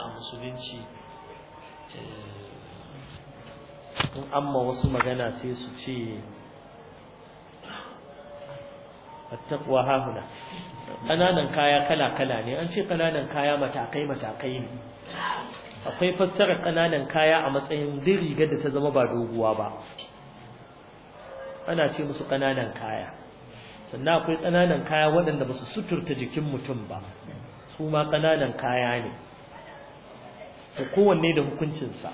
a musulunci eh, in amma wasu magana sai su ce attaqwa hahuna kananan kaya kala-kala ne an ce kananan kaya matakai-matakai ne akwai fassara ƙananan kaya a matsayin diri gada da ta zama ba doguwa ba ana ce musu kananan kaya sannan akwai ƙananan kaya waɗanda ba su suturta jikin mutum ba su ma kananan kaya ne to kowanne da hukuncinsa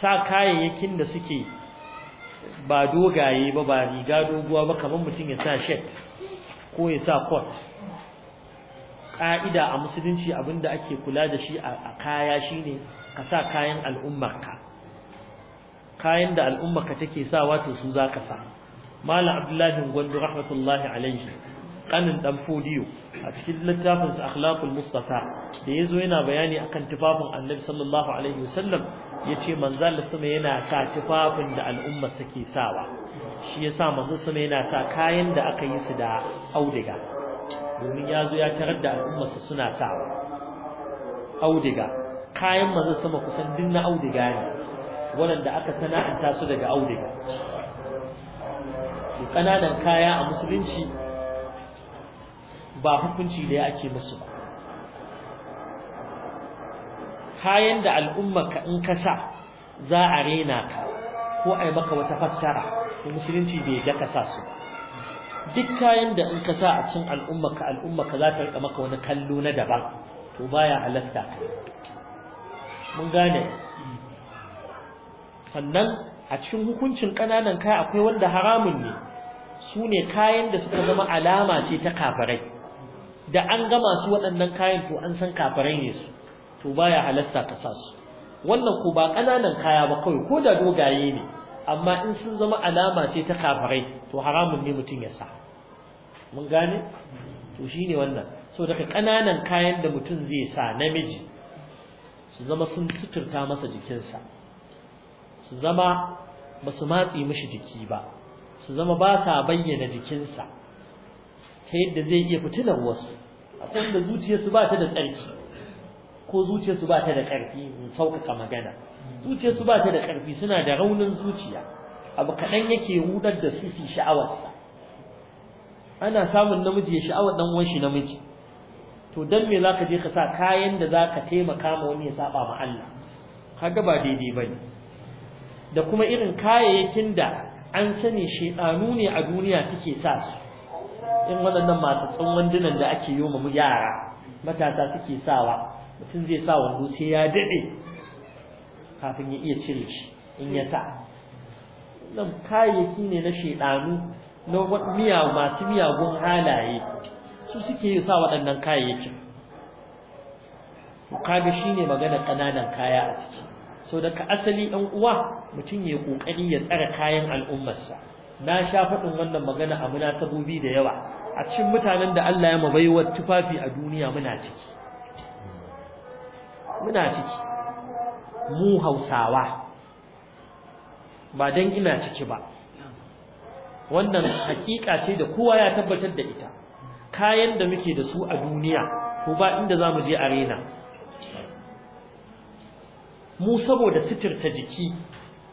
sa kayayyakin da suke ba dogaye ba ba riga doguwa ba kamar mutum ya sa shet ko ya sa coat ƙa'ida a musulunci abinda ake kula da shi a kaya shine ka sa kayan al'ummarka kayan da al'ummarka take sa wato su za ka sa malam abdullahi gwandu rahmatullahi alaihi kanin dan fodiyo a cikin littafin sa akhlaqul mustafa da yazo yana bayani akan tufafin annabi sallallahu alaihi wasallam yace manzal sama yana sa tufafin da al'umma suke sawa shi yasa manzo sama yana sa kayan da aka yi su da audiga domin yazo ya tarar da al'umma su suna sawa audiga kayan manzo sama kusan din na audiga ne wanda aka sana'anta su daga audiga ƙananan kaya a musulunci ba hukunci da ake musu ba kayan da al'umma ka in ka sa za a rena ka ko a yi maka wata fassara ko musulunci bai ga ka sa su duk kayan da in ka sa a cin al'umma ka al'umma ka za ta rika maka wani kallo na daban to baya halasta ka mun gane sannan a cikin hukuncin ƙananan kai akwai wanda haramun ne su ne kayan da suka zama alama ce ta kafarai da an ga masu waɗannan kayan to an san kafirai ne su to baya halasta ka sa su wannan ko ba ƙananan kaya ba kawai ko da dogaye ne amma in sun zama alama ce ta kafarai, to haramun ne mutum ya sa mun gane to shine wannan Sau daga ƙananan kayan da mutum zai sa namiji su zama sun suturta masa jikinsa su zama ba su matsi mishi jiki ba su zama ba sa bayyana jikinsa ta yadda zai iya fitilar wasu akwai wanda zuciyarsu ba ta da tsarki ko zuciyarsu ba ta da ƙarfi in sauƙaƙa magana zuciyarsu ba ta da ƙarfi suna da raunin zuciya abu kaɗan yake rudar da su su sha'awarsa ana samun namiji ya sha'awar ɗan uwan shi namiji to dan me ka je ka sa kayan da za ka taimaka ma wani ya saba ma Allah kaga ba daidai ba ne. da kuma irin kayayyakin da an sani shedanu ne a duniya suke sa su in waɗannan masu wandunan da ake yi wa yara matasa suke sawa mutum zai sa wando sai ya daɗe kafin ya iya cire shi in ya sa nan kayayyaki ne na shaidanu na miya masu miyagun halaye su suke yi sa waɗannan kayayyakin mukabi shi ne magana ƙananan kaya a ciki so daga asali ɗan uwa mutum ya ƙoƙari ya tsara kayan al'ummarsa na sha faɗin wannan magana a munasabobi da yawa a cikin mutanen da Allah ya wa tufafi a duniya muna ciki muna ciki mu Hausawa ba dan ina ciki ba wannan hakika ce da kowa ya tabbatar da ita kayan da muke da su a duniya ko ba inda za mu je arena mu saboda sitirta jiki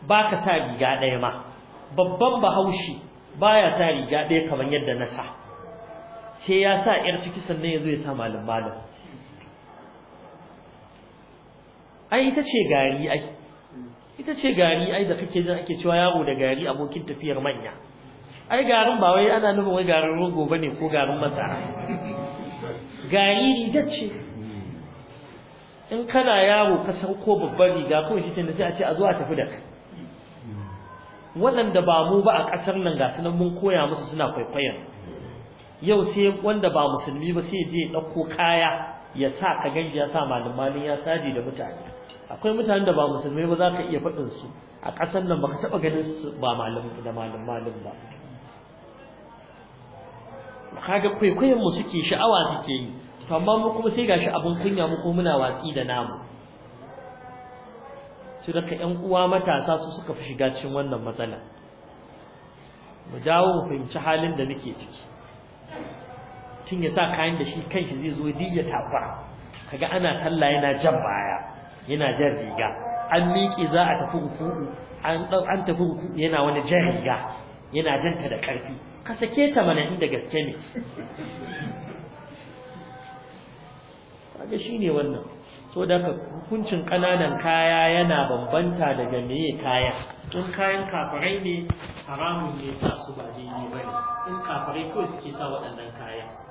baka sa riga ɗaya ma babban bahaushe baya ta riga ɗaya kamar yadda na sa sai ya sa yar ciki sannan ya zo ya sa malam malam ai ita ce gari ai ita ce gari ai da kake jin ake cewa yaro da gari abokin tafiyar manya ai garin ba wai ana nufin wai garin rogo bane ko garin masara gari riga ce in kana yaro ka san ko babban riga ko shi tunda sai a ce a zo a tafi da kai waɗanda ba mu ba a ƙasar nan ga sunan mun koya musu suna kwaikwayon yau sai wanda ba musulmi ba sai je ɗauko kaya ya sa ka ganshi ya sa malin ya saje da mutane akwai mutane da ba musulmi ba za ka iya faɗin su a ƙasar nan baka taɓa ganin su ba malam da malam malam ba kaga kwaikwayon mu suke sha'awa suke yi amma mu kuma sai gashi abun kunya mu ko muna watsi da namu su da ƴan uwa matasa su suka fi shiga cikin wannan matsala mu dawo mu fahimci halin da muke ciki tun ya sa kayan da shi shi zai zo duk ya tafa kaga ana talla yana jan baya yana jan riga an miƙe za a tafi ruku'u an an tafi ruku'u yana wani jan riga yana janta da ƙarfi ka sake ta mana inda gaske ne kaga shine wannan so da hukuncin ƙananan kaya yana bambanta daga meye kaya Tun kayan kafarai ne haramun ne sa su ba ba bane in kafarai kawai suke sa waɗannan kaya